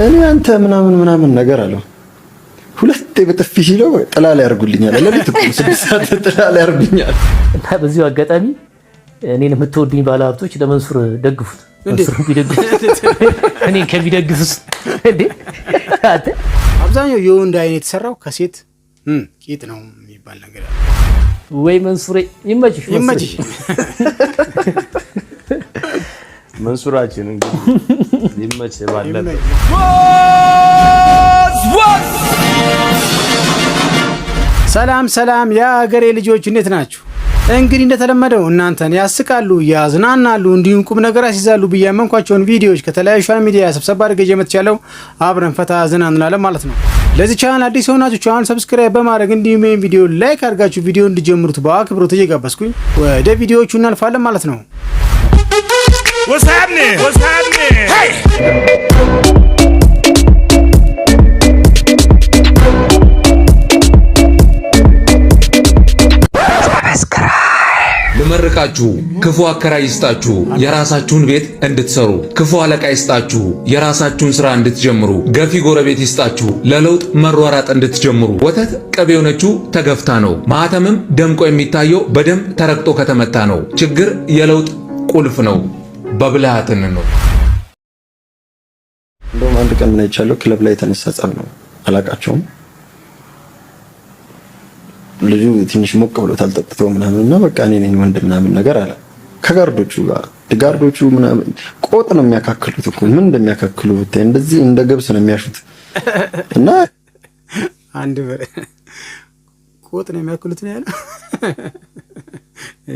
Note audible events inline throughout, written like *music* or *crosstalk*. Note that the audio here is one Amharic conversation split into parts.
እኔ አንተ ምናምን ምናምን ነገር አለው። ሁለቴ በጥፊ ሲለው ጥላ ላይ ያርጉልኛል። ለሊት እኮ ስድስት ሰዓት ጥላ ላይ ያርጉኛል። እና በዚሁ አጋጣሚ እኔን የምትወዱኝ ባለ ለመንሱር ደግፉት። እኔ *laughs* እኔን ከሚደግፉት አብዛኛው የወንድ አይን የተሰራው ከሴት ቂጥ ነው የሚባል ነገር ወይ መንሱሬ ይመችሽ ይመችሽ መንሱራችን እንግዲህ ሊመች ባለበት ሰላም ሰላም የአገሬ ልጆች እንዴት ናችሁ? እንግዲህ እንደተለመደው እናንተን ያስቃሉ፣ ያዝናናሉ እንዲሁም ቁም ነገር ያስይዛሉ ብዬ ያመንኳቸውን ቪዲዮዎች ከተለያዩ ሶሻል ሚዲያ ሰብሰባ አድርጌ እየመጥቻለሁ። አብረን ፈታ ዘና ማለት ነው። ለዚህ ቻናል አዲስ የሆናችሁ ቻናል ሰብስክራይብ በማድረግ እንዲሁም ይህን ቪዲዮ ላይክ አድርጋችሁ ቪዲዮ እንዲጀምሩት በአክብሮት እየጋበዝኩኝ ወደ ቪዲዮዎቹ እናልፋለን ማለት ነው። What's happening? What's happening? Hey! ልመርቃችሁ፣ ክፉ አከራይ ይስጣችሁ፣ የራሳችሁን ቤት እንድትሰሩ። ክፉ አለቃ ይስጣችሁ፣ የራሳችሁን ስራ እንድትጀምሩ። ገፊ ጎረቤት ይስጣችሁ፣ ለለውጥ መሯራጥ እንድትጀምሩ። ወተት ቅቤ የሆነችው ተገፍታ ነው። ማህተምም ደምቆ የሚታየው በደም ተረግጦ ከተመታ ነው። ችግር የለውጥ ቁልፍ ነው። በብልሃት እንኖር። እንደውም አንድ ቀን ምን አይቻለሁ፣ ክለብ ላይ የተነሳ ጸብ ነው። አላቃቸውም ልጁ ትንሽ ሞቅ ብሎታል ጠጥቶ ምናምን እና በቃ እኔ ነኝ ወንድ ምናምን ነገር አለ። ከጋርዶቹ ጋር ጋርዶቹ ምናምን ቆጥ ነው የሚያካክሉት እኮ ምን እንደሚያካክሉ ብታይ እንደዚህ እንደ ገብስ ነው የሚያሹት። እና አንድ ብር ቆጥ ነው የሚያክሉት ነው ያለው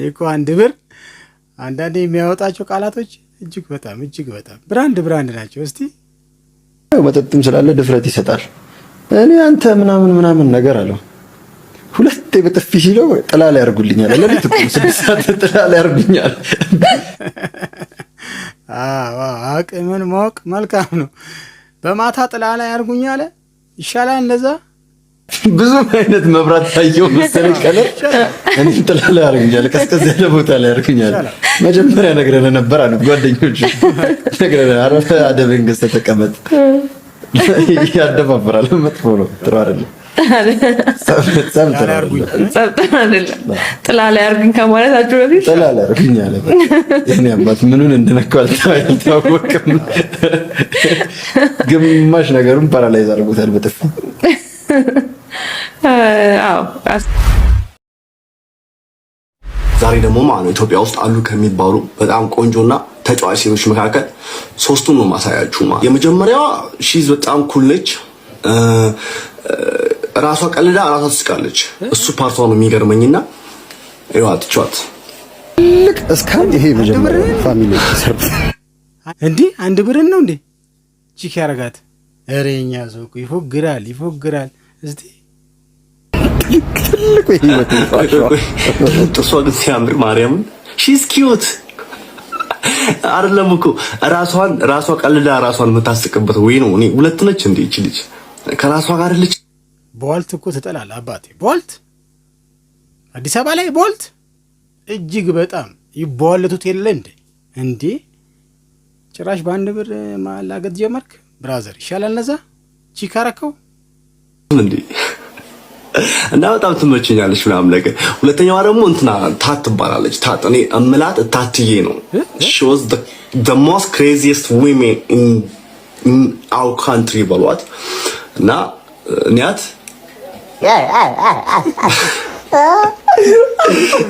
እኮ አንድ ብር አንዳንዴ የሚያወጣቸው ቃላቶች እጅግ በጣም እጅግ በጣም ብራንድ ብራንድ ናቸው። እስቲ መጠጥም ስላለ ድፍረት ይሰጣል። እኔ አንተ ምናምን ምናምን ነገር አለው ሁለቴ በጥፊ ሲለው ጥላ ላይ ያርጉልኛል። ለሊት ስድስት ሰዓት ጥላ ላይ ያርጉኛል። *laughs* አቅምን ማወቅ መልካም ነው። በማታ ጥላ ላይ ያርጉኛል ይሻላል እንደዛ ብዙ አይነት መብራት ታየው መሰለኝ። ቀለም *laughs* እኔ ጥላ ላይ አድርገኛል፣ ቀዝቀዝ ያለ ቦታ ላይ አድርገኛል። መጀመሪያ ነግረን ነበር አሉት ጓደኞች፣ ነግረን አረፈ አደብን ገዝተህ ተቀመጥ፣ ያደባብራል፣ መጥፎ ነው፣ ጥሩ አይደለም። አለ። ግማሽ ነገሩን ፓራላይዝ አድርጎታል ዛሬ ደግሞ ማለት ነው ኢትዮጵያ ውስጥ አሉ ከሚባሉ በጣም ቆንጆና ተጫዋች ሴቶች መካከል ሶስቱን ነው ማሳያችሁ። ማለት የመጀመሪያዋ ሺዝ በጣም ኩል ነች። ራሷ ቀልዳ ራሷ ትስቃለች። እሱ ፓርቷ ነው የሚገርመኝና ይዋ ትቻት ልክ እስካሁን ይሄ መጀመሪያ ፋሚሊ ሰርፕ አንድ ብርን ነው እንዴ ቺክ ያረጋት ረኛ ሰው ይፎግራል ይፎግራል እስቲ ትልቅ የህይወት ጥሷ ግን ሲያምር ማርያምን ሺስ ኪዩት አይደለም እኮ ራሷን ራሷ ቀልዳ ራሷን የምታስቅበት ወይ ነው። እኔ ሁለት ነች እንዴ እቺ ልጅ ከራሷ ጋር ልጅ ቦልት እኮ ትጠላል አባቴ። ቦልት አዲስ አበባ ላይ ቦልት እጅግ በጣም ይቦለቱት የለ እንዴ እንዴ! ጭራሽ በአንድ ብር ማላገጥ ጀመርክ ብራዘር። ይሻላል ነዛ ቺካረከው እንዴ እና በጣም ትመችኛለች ምናምን ነገር። ሁለተኛዋ ደግሞ እንትና ታት ትባላለች። ታት እኔ እምላት ታትዬ ነው። ሺ ዋዝ ዘ ሞስት ክሬዚየስት ዊሜን ኢን አወር ካንትሪ በሏት እና ኒያት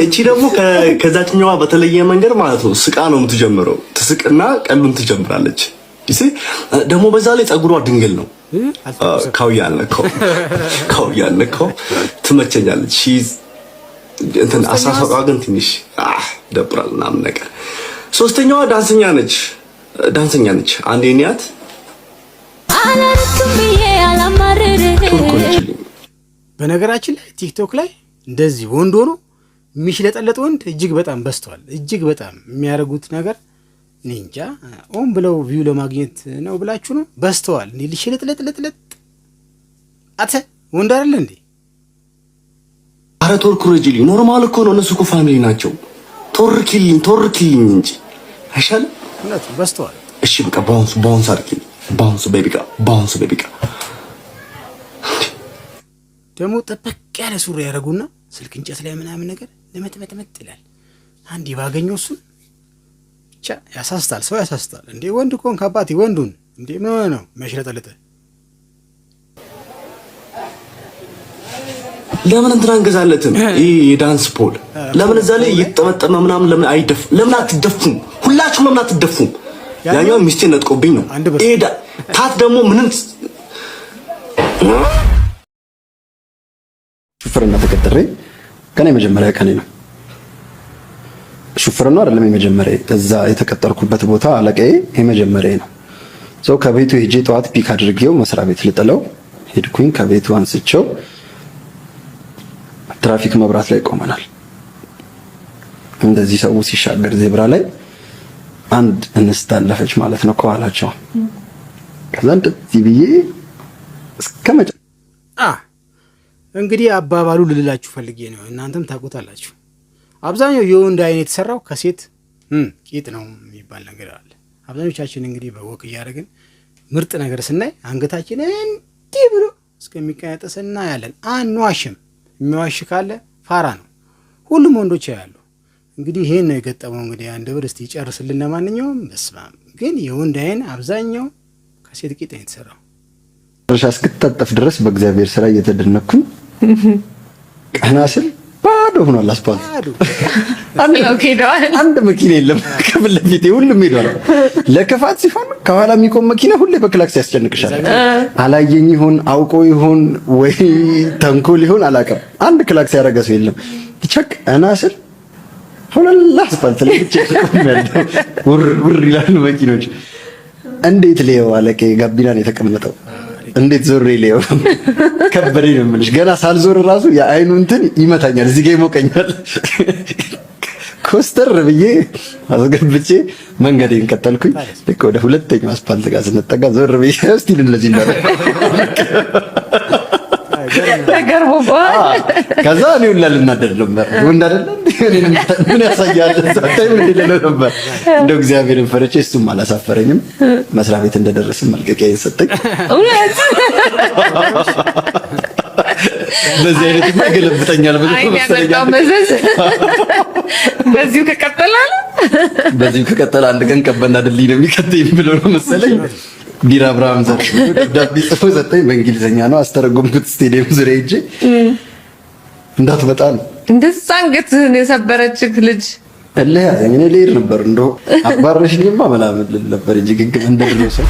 እቺ ደግሞ ከዛችኛዋ በተለየ መንገድ ማለት ነው። ስቃ ነው የምትጀምረው። ትስቅና ቀሉን ትጀምራለች። Uh, ደግሞ በዛ ላይ ጸጉሯ ድንግል ነው። ካውያ አልነካው፣ ካውያ አልነካው። ትመቸኛለች። እንትን አሳሳቋ ግን ትንሽ ደብራል ምናምን ነገር። ሶስተኛዋ ዳንሰኛ ነች፣ uh, ዳንሰኛ ነች። አንዴ ኒያት በነገራችን ላይ ቲክቶክ ላይ እንደዚህ ወንድ ሆኖ የሚሽለጠለጥ ወንድ እጅግ በጣም በዝተዋል። እጅግ በጣም የሚያደርጉት ነገር እኔ እንጃ ሆን ብለው ቪው ለማግኘት ነው ብላችሁ ነው። በስተዋል እንዲ ልሽልጥልጥልጥልጥ አተ ወንድ አይደለ እንዴ? አረ ቶርክ ረጅልኝ ኖርማል እኮ ነው። እነሱ እኮ ፋሚሊ ናቸው። ቶርኪልኝ ቶርኪልኝ እንጂ አይሻል እውነት በስተዋል። እሺ በቃ ባውንስ ባውንስ አድርጊልኝ ባውንስ ቤቢ ጋ ባውንስ ቤቢ ጋ ደግሞ ጠበቅ ያለ ሱሪ ያደረጉና ስልክ እንጨት ላይ ምናምን ነገር ለመጥመጥመጥ ይላል። አንዴ ባገኘው እሱን ብቻ ያሳስታል። ሰው ያሳስታል እንዴ! ወንድ ኮን ከአባት ወንዱን እንዴ! ምን ሆነ ነው መሽለጠለጠ? ለምን እንትን አንገዛለትም? ይሄ የዳንስ ፖል ለምን እዛ ላይ እየተጠመጠመ ምናምን ለምን አይደፍ? ለምን አትደፉም? ሁላችሁ ለምን አትደፉም? ያኛው ሚስቴ ነጥቆብኝ ነው። ይሄ ታት ደግሞ ምንም ሹፍር እና ተቀጥሬ ገና የመጀመሪያ ቀኔ ነው። ነው አይደለም የመጀመሪያ እዛ የተቀጠርኩበት ቦታ አለቃዬ የመጀመሪያ ነው። ሰው ከቤቱ ሄጄ ጠዋት ፒክ አድርጌው መስሪያ ቤት ልጥለው ሄድኩኝ። ከቤቱ አንስቼው ትራፊክ መብራት ላይ ቆመናል። እንደዚህ ሰው ሲሻገር ዜብራ ላይ አንድ እንስት አለፈች ማለት ነው ከኋላቸው። ከዛ እንደዚህ ብዬ እስከ መጨ እንግዲህ አባባሉ ልልላችሁ ፈልጌ ነው። እናንተም ታውቁታላችሁ። አብዛኛው የወንድ አይን የተሰራው ከሴት ቂጥ ነው የሚባል ነገር አለ። አብዛኞቻችን እንግዲህ በወቅ እያደረግን ምርጥ ነገር ስናይ አንገታችን እንዲህ ብሎ እስከሚቀነጠስ እናያለን። አንዋሽም። የሚዋሽ ካለ ፋራ ነው። ሁሉም ወንዶች ያሉ እንግዲህ ይሄን ነው የገጠመው። እንግዲህ አንድ ብር እስቲ ይጨርስልን። ለማንኛውም በስማም ግን የወንድ አይን አብዛኛው ከሴት ቂጥ ነው የተሰራው። መጨረሻ እስክታጠፍ ድረስ በእግዚአብሔር ስራ እየተደነኩኝ ቀና *laughs* ስል ባዶ ሆኗል። አስፋልት *laughs* አንድ አንድ መኪና የለም። ከፊት ለፊቴ ሁሉም ሄዷል። ለክፋት ሲሆን ከኋላ የሚቆም መኪና ሁሌ በክላክስ ያስጨንቅሻል። አላየኝ ይሁን አውቆ ይሁን ወይ ተንኮል ይሆን አላውቅም። አንድ ክላክስ ያደረገ ሰው የለም። ቸክ እና ስል ሁለላ አስፋልት ላይ ብቻ ውር ይላሉ መኪኖች። እንዴት ሌው አለቀ። ጋቢናን የተቀመጠው እንዴት ዞሬ ሊየው ከበደኝ ነው የምልሽ። ገና ሳልዞር ራሱ የአይኑ እንትን ይመታኛል፣ እዚህ ጋር ይሞቀኛል። ኮስተር ብዬ አስገብቼ መንገዴን ቀጠልኩኝ። ልክ ወደ ሁለተኛው አስፓልት ጋር ስንጠጋ ዞር ብዬ ስቲል እንደዚህ ተገርሞባል። ከዛ እኔ ሁላ ልናደድ ነበር። ምን ያሳያል? ሳታይ ምን ይለለው ነበር። እንደው እግዚአብሔር ፈርቼ እሱም አላሳፈረኝም። መስሪያ ቤት እንደደረስን መልቀቂያ ሰጠኝ። እውነት በዚህ አይነት ይገለብጠኛል ብሎ መዘዝ በዚሁ ከቀጠለ አንድ ቀን ቀበና ድልድይ ነው የሚከተኝ ብሎ ነው መሰለኝ ቢራ ብርሃም ዘር ደብዳቤ ጽፎ ሰጠኝ። በእንግሊዝኛ ነው አስተረጎምኩት። ስቴዲየም ዙሪያ ሂጄ እንዳትመጣ ነው እንደዛ አንገትህን የሰበረችህ ልጅ እልህ ያዘኝ። እኔ ልሄድ ነበር እንደው አባረሽኝማ ምናምን ልል ነበር እንጂ ግግም እንደደረሰ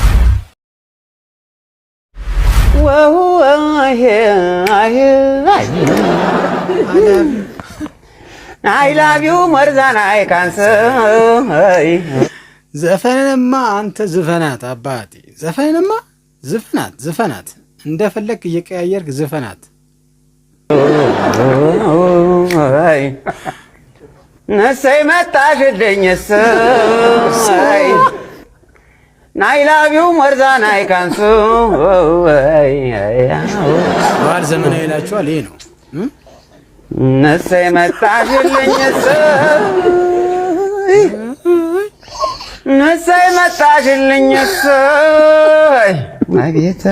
አይ ላቭ ዩ ሞር ዛን አይ ካን ሴይ ዘፈንንማ አንተ ዝፈናት አባቴ፣ ዘፈንንማ ዝፈናት ዝፈናት፣ እንደፈለግ እየቀያየርክ ዝፈናት። ነሰይ መጣሽልኝ ናይ ናይላቢው መርዛ ናይ ካንሱ ባህል ዘመናዊ ይላችኋል። ይሄ ነው ነሰይ መጣሽልኝ ሰይ እሰይ መጣሽልኝ። እሰይ አቤት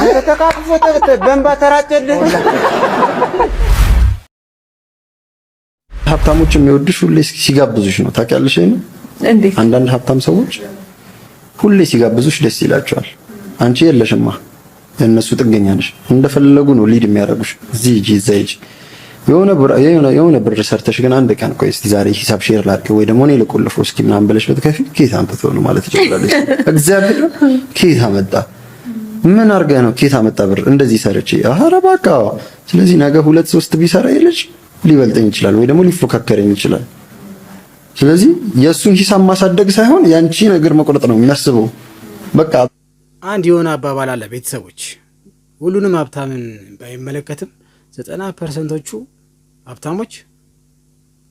አንተ ተቃቅፎ በእንባ ተራጨልህ። ሀብታሞች የሚወድሽ ሁሌ ሲጋብዙሽ ነው። ታውቂያለሽ አንዳንድ ሀብታም ሰዎች ሁሌ ሲጋብዙሽ ደስ ይላቸዋል። አንቺ የለሽማ፣ የእነሱ ጥገኛ ነሽ። እንደፈለጉ ነው ሊድ የሚያደርጉሽ። እዚህ ሂጂ፣ እዛ ሂጂ የሆነ ብር ሰርተሽ ግን አንድ ቀን ቆይ እስኪ ዛሬ ሂሳብ ሼር ላድርግ ወይ ደግሞ እኔ ልቆልፎ እስኪ ምናምን ብለሽ በትከፊ ኬት አምጥቶ ነው ማለት ትችላለች። እግዚአብሔር ኬት አመጣ ምን አርገ ነው ኬት አመጣ ብር እንደዚህ ሰርቼ አረ በቃ ስለዚህ ነገ ሁለት ሶስት ቢሰራ የለች ሊበልጠኝ ይችላል ወይ ደግሞ ሊፎካከረኝ ይችላል። ስለዚህ የእሱን ሂሳብ ማሳደግ ሳይሆን ያንቺ ነገር መቁረጥ ነው የሚያስበው። በቃ አንድ የሆነ አባባል አለ ቤተሰቦች ሁሉንም ሀብታምን ባይመለከትም ዘጠና ፐርሰንቶቹ ሀብታሞች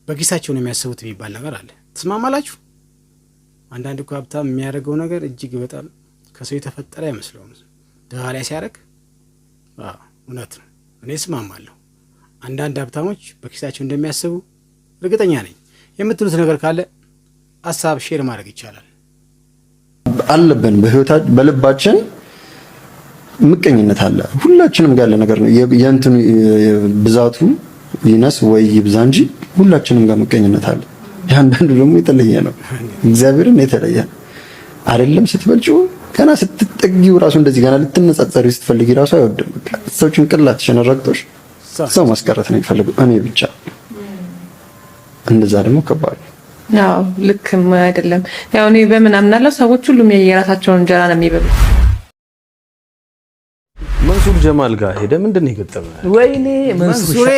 በኪሳቸው ነው የሚያስቡት የሚባል ነገር አለ። ትስማማላችሁ? አንዳንድ እኮ ሀብታም የሚያደርገው ነገር እጅግ በጣም ከሰው የተፈጠረ አይመስለውም። ድሃ ላይ ሲያደርግ እውነት ነው፣ እኔ እስማማለሁ። አንዳንድ ሀብታሞች በኪሳቸው እንደሚያስቡ እርግጠኛ ነኝ። የምትሉት ነገር ካለ ሀሳብ ሼር ማድረግ ይቻላል። አለብን በልባችን ምቀኝነት አለ ሁላችንም ጋር ያለ ነገር ነው። የእንትኑ ብዛቱ ይነስ ወይ ይብዛ እንጂ ሁላችንም ጋር ምቀኝነት አለ። ያንዳንዱ ደግሞ የተለየ ነው። እግዚአብሔርን የተለየ አይደለም። ስትበልጪው ገና ስትጠጊው ራሱ እንደዚህ ገና ልትነጻጸሪ ስትፈልጊ ራሱ አይወድም። በቃ ሰው ጭንቅላትሽን ረግጦሽ ሰው ማስቀረት ነው የሚፈልገው እኔ ብቻ። እንደዛ ደግሞ ከባድ ነው። ልክም አይደለም። ያው እኔ በምን አምናለሁ ሰዎች ሁሉም የየራሳቸውን እንጀራ ነው የሚበሉት። መንሱር ጀማል ጋር ሄደ ምንድን ነው የገጠመ? ወይኔ መንሱሬ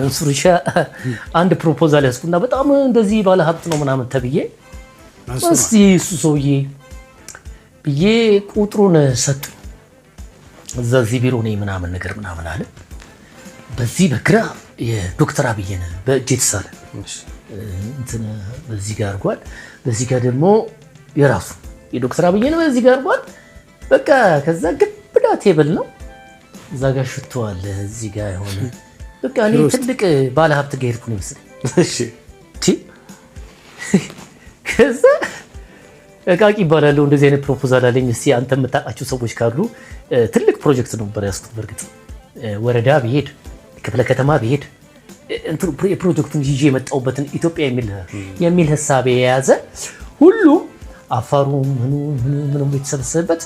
መንሱር ሻ አንድ ፕሮፖዛል ያስኩና በጣም እንደዚህ ባለ ሀብት ነው ምናምን ተብዬ እስቲ እሱ ሰውዬ ብዬ ቁጥሩን ሰጡ። እዛ ቢሮ ነኝ ምናምን ነገር ምናምን አለ። በዚህ በግራ የዶክተር አብይን በእጅ የተሳለ በዚህ ጋር አድርጓል። በዚህ ጋር ደግሞ የራሱ የዶክተር አብይን በዚህ ጋር አድርጓል። በቃ ከዛ ግብዳ ቴብል ነው እዛ ጋር ሽቶ አለ፣ እዚህ ጋር የሆነ በቃ እኔ ትልቅ ባለ ሀብት ጋር ሄድኩ ነው ከዛ እቃቂ ይባላለሁ። እንደዚህ አይነት ፕሮፖዛል አለኝ። እስኪ አንተ የምታውቃቸው ሰዎች ካሉ ትልቅ ፕሮጀክት ነበር ያስኩት። በእርግጥ ወረዳ ብሄድ ክፍለ ከተማ ብሄድ የፕሮጀክቱን ይዤ የመጣሁበትን ኢትዮጵያ የሚል ሀሳብ የያዘ ሁሉም አፋሩ ምኑ ምኑ የተሰበሰበበት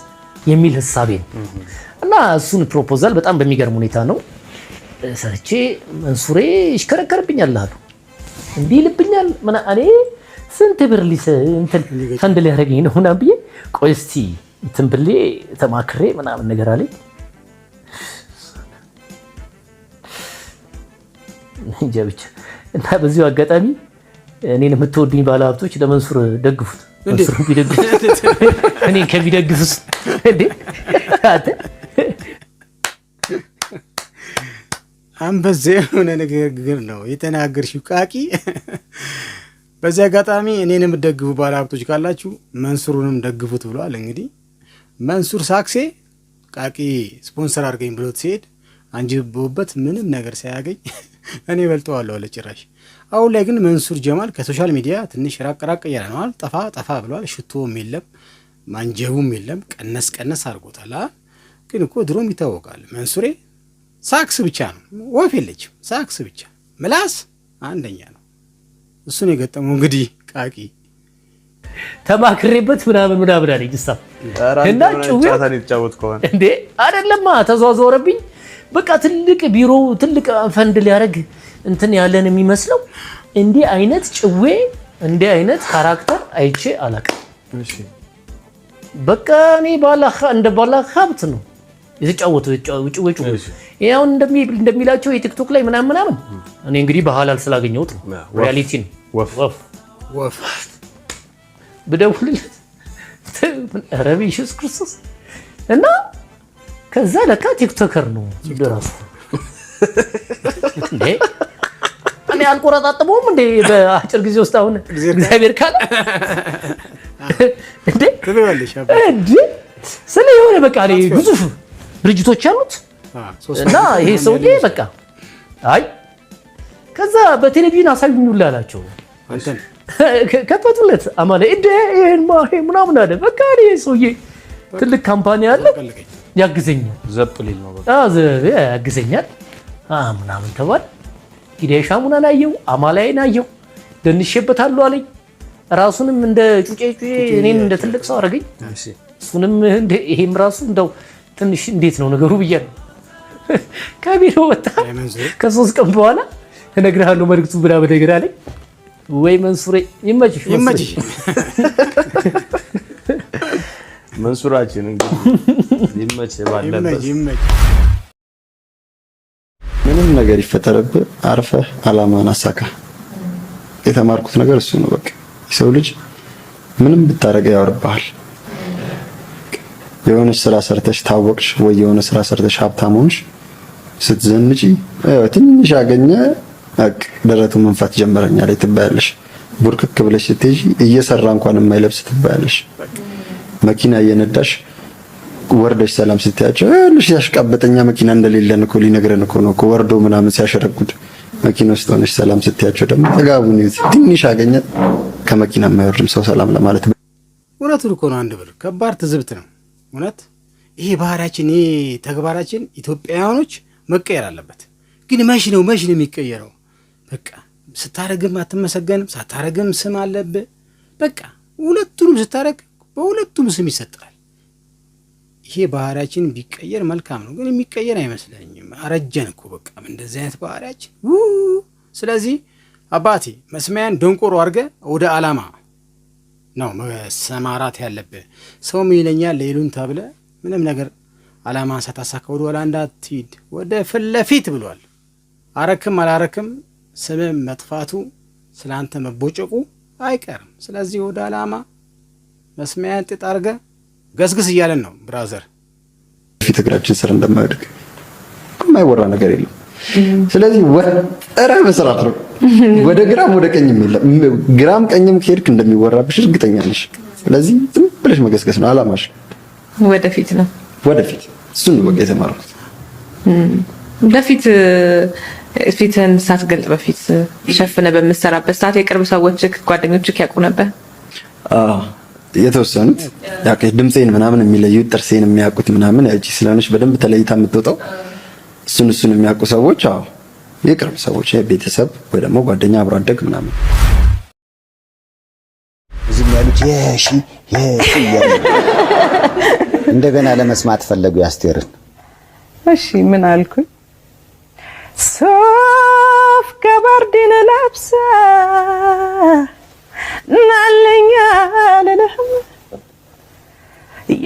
የሚል ህሳቤ ነው እና እሱን ፕሮፖዛል በጣም በሚገርም ሁኔታ ነው ሰርቼ መንሱሬ ይሽከረከርብኛል አሉ። እንዲህ ይልብኛል ምና እኔ ስንት ብር ፈንድ ሊያደርገኝ ነው ምናምን ብዬ ቆይ እስቲ እንትን ብሌ ተማክሬ ምናምን ነገር አለኝ። እንጃ ብቻ እና በዚሁ አጋጣሚ እኔን የምትወዱኝ ባለሀብቶች ለመንሱር ደግፉት። *laughs* እኔን ከሚደግፉት አንበዛ የሆነ ንግግር ነው የተናገርሽው ቃቂ። በዚህ አጋጣሚ እኔን የምትደግፉ ባለሀብቶች ካላችሁ መንሱሩንም ደግፉት ብለዋል። እንግዲህ መንሱር ሳክሴ ቃቂ ስፖንሰር አድርገኝ ብሎት ሲሄድ አንጅቦበት ምንም ነገር ሳያገኝ እኔ በልጠዋለሁ አለ ጭራሽ። አሁን ላይ ግን መንሱር ጀማል ከሶሻል ሚዲያ ትንሽ ራቅ ራቅ እያለ ነዋል። ጠፋ ጠፋ ብለዋል። ሽቶም የለም ማንጀቡም የለም። ቀነስ ቀነስ አድርጎታል። ግን እኮ ድሮም ይታወቃል መንሱሬ ሳክስ ብቻ ነው፣ ወፍ የለችም። ሳክስ ብቻ ምላስ አንደኛ ነው። እሱን የገጠመው እንግዲህ ቃቂ ተማክሬበት ምናምን ምናምን አለኝ እና ጭው እንዴ አይደለማ ተዟዟረብኝ በቃ ትልቅ ቢሮ ትልቅ ፈንድ ሊያደርግ እንትን ያለን የሚመስለው እንዲህ አይነት ጭዌ እንዲህ አይነት ካራክተር አይቼ አላውቅም። በቃ እኔ እንደ ባላ ሀብት ነው የተጫወተው ጭዌ ጭዌ ይሁን እንደሚላቸው የቲክቶክ ላይ ምናምን ምናምን። እኔ እንግዲህ በሀላል ስላገኘሁት ነው፣ ሪያሊቲ ነው። ወፍ ብደውልለት ኧረ በኢየሱስ ክርስቶስ እና ከዛ ለካ ቲክቶከር ነው ራሱ። እኔ አልቆረጣጥመውም እንዴ በአጭር ጊዜ ውስጥ አሁን እግዚአብሔር ካለ እንዴ ስለ የሆነ በቃ ግዙፍ ድርጅቶች አሉት እና ይሄ ሰውዬ በቃ አይ ከዛ በቴሌቪዥን አሳዩኝ አላቸው። ከፈቱለት አማላይ እንደ ይሄን ምናምን አለ። በቃ ይሄ ሰውዬ ትልቅ ካምፓኒ አለ ያግዘኛል ዘብ ሊል ነው ያግዘኛል ምናምን ተባል። ሂዳይ ሻሙናን አየው፣ አማላይን አየው፣ ደንሼበታለሁ አለኝ። ራሱንም እንደ ጩጬ ጩጬ እኔን እንደ ትልቅ ሰው አደረገኝ። እሱንም ይሄም ራሱ እንደው ትንሽ እንዴት ነው ነገሩ ብዬ ነው *laughs* ከቢሮ ወጣ። ከሶስት ቀን በኋላ እነግርሃለሁ መልዕክቱ ብላ በደገር አለኝ። ወይ መንሱሬ ይመችሽ፣ ይመችሽ *laughs* መንሱራችን ይመች ባለበት ምንም ነገር ይፈጠረብህ፣ አርፈህ አላማን አሳካ። የተማርኩት ነገር እሱ ነው። በቃ የሰው ልጅ ምንም ብታረገ ያወርብሃል። የሆነች ስራ ሰርተሽ ታወቅሽ ወይ የሆነ ስራ ሰርተሽ ሀብታም ሆንሽ ስትዘንጪ ትንሽ ያገኘ ደረቱ መንፋት ላይ ትባያለሽ። ቡርክክ ብለሽ ስትሄጂ እየሰራ እንኳን የማይለብስ ትባያለሽ። መኪና እየነዳሽ ወርደሽ ሰላም ስትያቸው ልሽ ያሽቃበጠኛ መኪና እንደሌለን እኮ ሊነግረን እኮ ነው እኮ ወርዶ ምናምን ሲያሸረጉድ መኪና ውስጥ ሆነሽ ሰላም ስትያቸው ደግሞ ጥጋቡን ይዝ ትንሽ አገኘ ከመኪና የማይወርድም ሰው ሰላም ለማለት እውነቱን እኮ ነው። አንድ ብር ከባድ ትዝብት ነው እውነት። ይሄ ባህሪያችን፣ ይሄ ተግባራችን ኢትዮጵያውያኖች መቀየር አለበት። ግን መሽ ነው መሽ ነው የሚቀየረው። በቃ ስታረግም አትመሰገንም፣ ሳታረግም ስም አለብህ። በቃ ሁለቱንም ስታረግ በሁለቱም ስም ይሰጣል። ይሄ ባህሪያችን ቢቀየር መልካም ነው፣ ግን የሚቀየር አይመስለኝም። አረጀን እኮ በቃ እንደዚህ አይነት ባህሪያችን። ስለዚህ አባቴ መስሚያን ደንቆሮ አድርገ ወደ አላማ ነው መሰማራት ያለብህ። ሰው ሚለኛ ሌሉን ተብለ ምንም ነገር አላማ ሳታሳካ ወደ ኋላ እንዳትሂድ፣ ወደ ፊት ለፊት ብሏል። አረክም አላረክም ስምም መጥፋቱ ስለ አንተ መቦጨቁ አይቀርም። ስለዚህ ወደ አላማ መስሚያ ጥጥ አርገ ገዝግዝ እያለን ነው ብራዘር። ፊት እግራችን ስር እንደማይወድቅ የማይወራ ነገር የለም። ስለዚህ ወጥረህ መስራት ነው። ወደ ግራም ወደ ቀኝም የለም። ግራም ቀኝም ከሄድክ እንደሚወራብሽ እርግጠኛ ነሽ። ስለዚህ ዝም ብለሽ መገስገስ ነው አላማሽ። ወደፊት ነው ወደፊት። እሱን ነው በቃ የተማርኩት። በፊት ፊትህን ሳትገልጥ በፊት ሸፍነ በምትሰራበት ሰዓት የቅርብ ሰዎችህ ጓደኞችህ ያውቁ ነበር? የተወሰኑት ድምፄን ምናምን የሚለዩ ጥርሴን የሚያውቁት ምናምን ያቺ ስለሆነች በደንብ ተለይታ የምትወጣው እሱን እሱን የሚያውቁ ሰዎች፣ አዎ የቅርብ ሰዎች፣ ቤተሰብ ወይ ደግሞ ጓደኛ፣ አብሮ አደግ ምናምን ዝም ያሉት የሺ የሺ እንደገና ለመስማት ፈለጉ ያስቴርን። እሺ ምን አልኩኝ ሶፍ ገባርዲን ለብሳ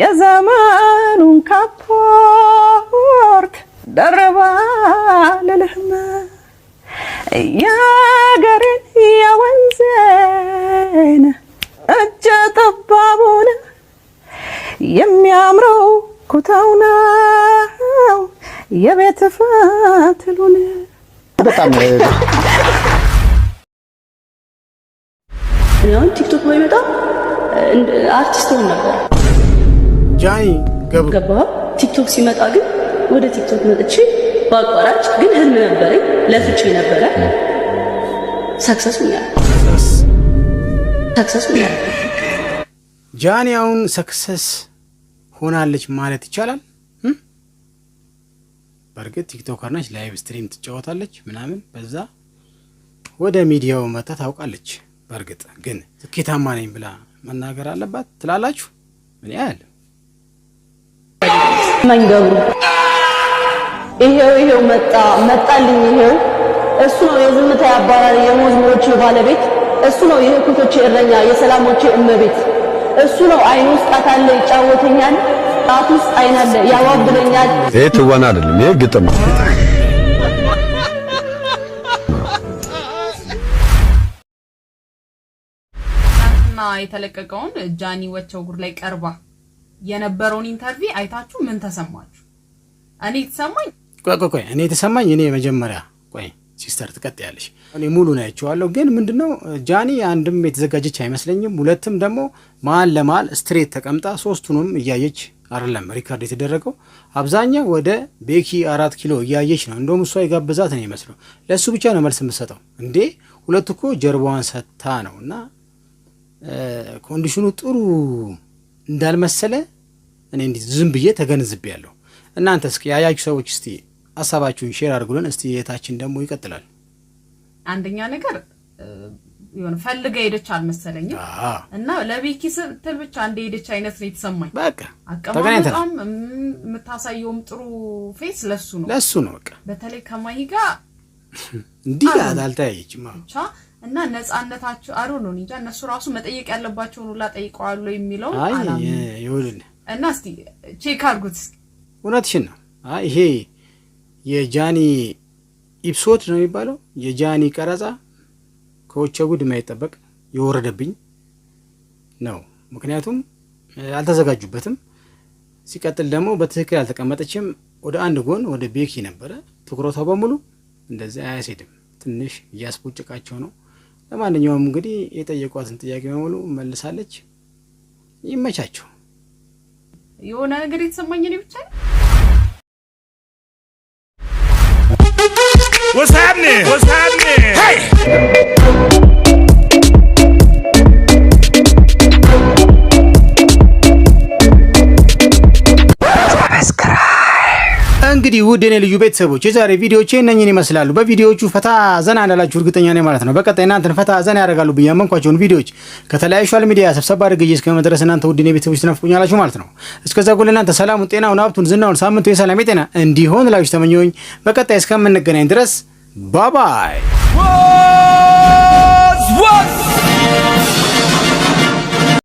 የዘመኑን ካፖርት ደረባ ልልህም የአገሬን የወንዜን እጀ ጠባቡን የሚያምረው ኩታው ነው የቤት ፈትሉን በጣም ቲክቶክ ወይ አርቲስት ሆን ነበር። ጃኒ ገብሩ ገባ። ቲክቶክ ሲመጣ ግን ወደ ቲክቶክ መጥቼ በአቋራጭ ግን ህልም ነበረኝ፣ ለፍቼ ነበረ። ሰክሰስ ሰክሰስ ጃኒ አሁን ሰክሰስ ሆናለች ማለት ይቻላል። በእርግጥ ቲክቶከር ነች፣ ላይቭ ስትሪም ትጫወታለች ምናምን፣ በዛ ወደ ሚዲያው መጣ ታውቃለች። በእርግጥ ግን ስኬታማ ነኝ ብላ መናገር አለባት ትላላችሁ? ምን ያህል መንገቡ ይሄው ይሄው መጣ መጣልኝ ይሄው እሱ ነው የዝምታ አባራሪ የመዝሙሮች ባለቤት እሱ ነው የህኩቶች እረኛ የሰላሞች እመቤት እሱ ነው አይኑ ውስጥ ይጫወተኛል ጣት ውስጥ አይን አለ ያዋብለኛል ይሄ ትወና አይደለም ይሄ ግጥም የተለቀቀውን ጃኒ ወቸው ጉር ላይ ቀርባ የነበረውን ኢንተርቪው አይታችሁ ምን ተሰማችሁ? እኔ የተሰማኝ ቆይ ቆይ ቆይ እኔ የተሰማኝ እኔ መጀመሪያ ቆይ ሲስተር ትቀጥያለሽ። እኔ ሙሉ ነው ያቸዋለሁ፣ ግን ምንድነው ጃኒ አንድም የተዘጋጀች አይመስለኝም፣ ሁለትም ደግሞ መሀል ለመሀል ስትሬት ተቀምጣ ሶስቱንም እያየች አይደለም ሪካርድ የተደረገው አብዛኛው ወደ ቤኪ አራት ኪሎ እያየች ነው። እንደውም እሷ የጋበዛት ነው ይመስለው። ለእሱ ብቻ ነው መልስ የምሰጠው። እንዴ ሁለቱ እኮ ጀርባዋን ሰታ ነው እና ኮንዲሽኑ ጥሩ እንዳልመሰለ እኔ እንዲህ ዝም ብዬ ተገንዝቤ ያለሁ። እናንተ እስኪ ያያችሁ ሰዎች እስቲ ሀሳባችሁን ሼር አድርጉልን። እስቲ የታችን ደግሞ ይቀጥላል። አንደኛ ነገር ሆነ ፈልገ ሄደች አልመሰለኝም እና ለቤኪ ስትል ብቻ እንደ ሄደች አይነት ነው የተሰማኝ። አቀማመጣም የምታሳየውም ጥሩ ፌስ ለሱ ነው ለሱ ነው በቃ በተለይ ከማይ ጋር እንዲህ አልተያየችም ብቻ እና ነፃነታቸው አሮ ነው እንጃ እነሱ ራሱ መጠየቅ ያለባቸውን ሁላ ጠይቀዋሉ የሚለው ይሁልን እና እስቲ ቼክ አርጉት እውነትሽን ነው። ይሄ የጃኒ ኢፕሶድ ነው የሚባለው የጃኒ ቀረጻ ከወቸ ጉድ የማይጠበቅ የወረደብኝ ነው። ምክንያቱም አልተዘጋጁበትም። ሲቀጥል ደግሞ በትክክል አልተቀመጠችም። ወደ አንድ ጎን ወደ ቤኪ ነበረ ትኩረቷ በሙሉ። እንደዚህ አያስሄድም። ትንሽ እያስቦጭቃቸው ነው። ለማንኛውም እንግዲህ የጠየቋትን ጥያቄ በሙሉ መልሳለች። ይመቻቸው። የሆነ ነገር የተሰማኝ ነው ብቻ What's happening? What's happening? Hey! እንግዲህ ውድ የኔ ልዩ ቤተሰቦች የዛሬ ቪዲዮቼ እነኝን ይመስላሉ። በቪዲዮቹ ፈታ ዘና እንዳላችሁ እርግጠኛ ነኝ ማለት ነው። በቀጣይ እናንተን ፈታ ዘና ያደርጋሉ ብዬ አመንኳቸውን ቪዲዮች ከተለያዩ ሶሻል ሚዲያ ሰብሰባ እየ እስከመድረስ እናንተ ውድ የኔ ቤተሰቦች ትናፍቁኛላችሁ ማለት ነው። እስከዛ ጎል እናንተ ሰላሙን፣ ጤናውን፣ ሀብቱን፣ ዝናውን ሳምንቱ የሰላም የጤና እንዲሆን ላዮች ተመኘሁኝ። በቀጣይ እስከምንገናኝ ድረስ ባባይ